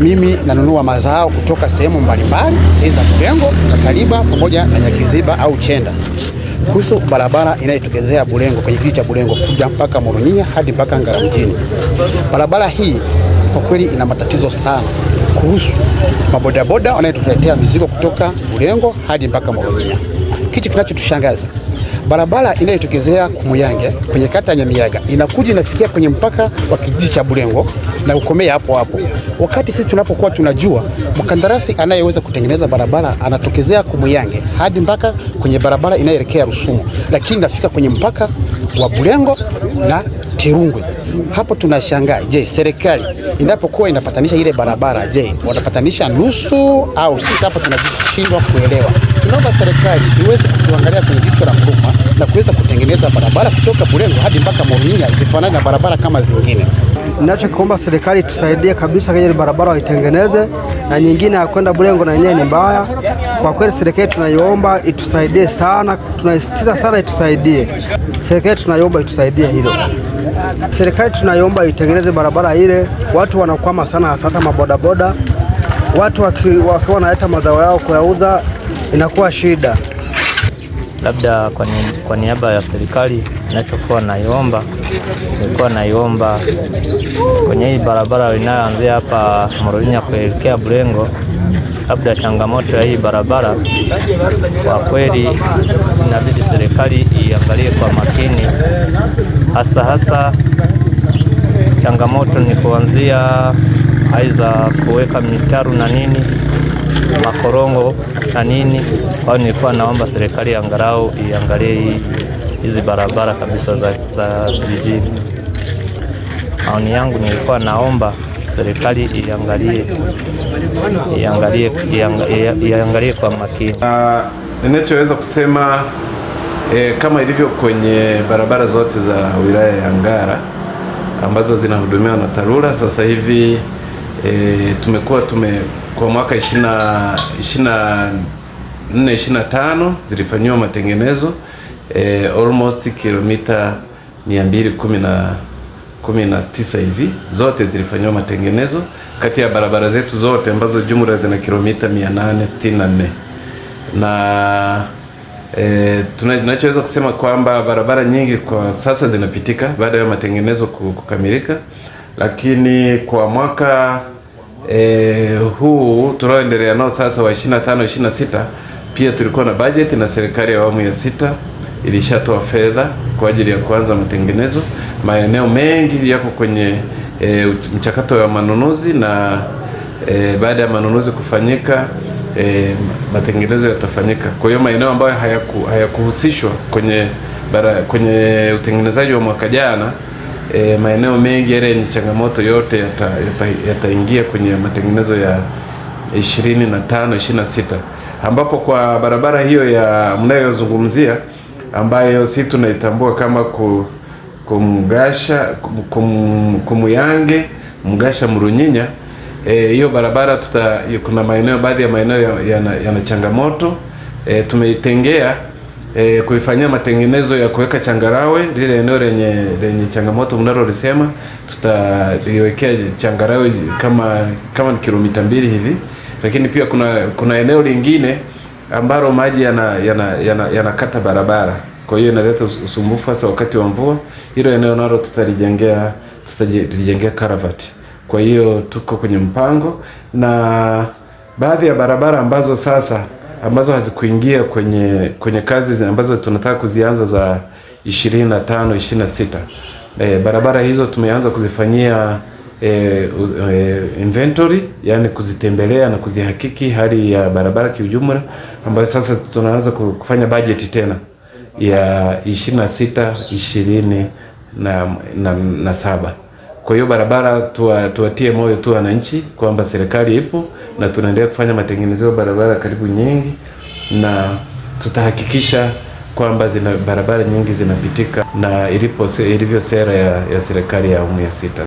mimi nanunua mazao kutoka sehemu mbalimbali za Bulengo na Kaliba pamoja na Nyakiziba au Chenda. Kuhusu barabara inayotokezea Bulengo kwenye kijiji cha Bulengo kuja mpaka Murunyinya hadi mpaka Ngara mjini, barabara hii kwa kweli ina matatizo sana kuhusu mabodaboda wanayotuletea mizigo kutoka Bulengo hadi mpaka Murunyinya. Kitu kinachotushangaza Barabara inayotokezea Kumuyange kwenye kata ya Nyamiaga inakuja inafikia kwenye mpaka wa kijiji cha Bulengo na ukomea hapo hapo, wakati sisi tunapokuwa tunajua mkandarasi anayeweza kutengeneza barabara anatokezea Kumuyange hadi mpaka kwenye barabara inayoelekea Rusumo, lakini inafika kwenye mpaka wa Bulengo na Kirungwe. Hapo tunashangaa, je, serikali inapokuwa inapatanisha ile barabara, je, wanapatanisha nusu au sisi? Hapo tunashindwa kuelewa. Tunaomba serikali iweze kutuangalia kwenye jicho la mkuu la kuweza kutengeneza barabara kutoka Bulengo hadi mpaka Morinya zifanane na barabara kama zingine. Ninachokiomba serikali tusaidie kabisa kwenye barabara waitengeneze, na nyingine ya kwenda Bulengo na yenyewe ni mbaya kwa kweli. Serikali tunaiomba itusaidie sana, tunaisitiza sana itusaidie. Serikali tunaiomba itusaidie hilo. Serikali tunaiomba itengeneze barabara ile, watu wanakwama sana, sasa mabodaboda, watu wakiwa wanaleta mazao yao kuyauza inakuwa shida. Labda kwa niaba ya serikali, inachokuwa naiomba, nilikuwa naiomba kwenye hii barabara inayoanzia hapa Morovinya kuelekea Bulengo, labda changamoto ya hii barabara kwa kweli, inabidi serikali iangalie kwa makini, hasa hasa changamoto ni kuanzia aiza kuweka mitaru na nini makorongo na nini. Kwa hiyo nilikuwa naomba serikali angalau iangalie hizi barabara kabisa za, za vijijini. Maoni yangu nilikuwa naomba serikali iangalie iangalie iangalie kwa makini. Ninachoweza kusema eh, kama ilivyo kwenye barabara zote za wilaya ya Ngara ambazo zinahudumiwa na TARURA sasa hivi E, tumekuwa tume kwa mwaka 20 24 25 zilifanyiwa matengenezo e, almost kilomita 219 hivi zote zilifanyiwa matengenezo kati ya barabara zetu zote ambazo jumla zina kilomita 864 na E, tunachoweza kusema kwamba barabara nyingi kwa sasa zinapitika baada ya matengenezo kukamilika lakini kwa mwaka e, huu tunaoendelea nao sasa wa 25 26 pia tulikuwa na bajeti na serikali ya awamu ya sita ilishatoa fedha kwa ajili ya kuanza matengenezo. Maeneo mengi yako kwenye e, mchakato wa manunuzi na e, baada ya manunuzi kufanyika e, matengenezo yatafanyika. Kwa hiyo maeneo ambayo hayakuhusishwa hayakuhusishwa kwenye bara, kwenye utengenezaji wa mwaka jana e, maeneo mengi yale yenye changamoto yote yataingia yata kwenye matengenezo ya 25 26 ambapo kwa barabara hiyo ya mnayozungumzia ambayo si tunaitambua kama ku, kumgasha kum, kumuyange mgasha Mrunyinya eh, hiyo e, barabara tuta, kuna maeneo baadhi ya maeneo yana ya, ya changamoto e, tumeitengea e, kuifanyia matengenezo ya kuweka changarawe lile eneo lenye lenye changamoto mnalolisema, tutaliwekea changarawe kama kama kilomita mbili hivi, lakini pia kuna kuna eneo lingine ambalo maji yanakata yana, yana, yana barabara, kwa hiyo inaleta usumbufu hasa wakati wa mvua. Hilo eneo nalo tutalijengea tutalijengea karavati. Kwa hiyo tuko kwenye mpango na baadhi ya barabara ambazo sasa ambazo hazikuingia kwenye kwenye kazi ambazo tunataka kuzianza za 25 26. E, barabara hizo tumeanza kuzifanyia e, e, inventory yani kuzitembelea na kuzihakiki hali ya barabara kiujumla, ambayo sasa tunaanza kufanya bajeti tena ya 26 20 27. na, saba. Kwa hiyo barabara tuwatie moyo tu wananchi kwamba serikali ipo na tunaendelea kufanya matengenezo barabara karibu nyingi, na tutahakikisha kwamba zina barabara nyingi zinapitika na ilipo ilivyo sera ya, ya serikali ya awamu ya sita.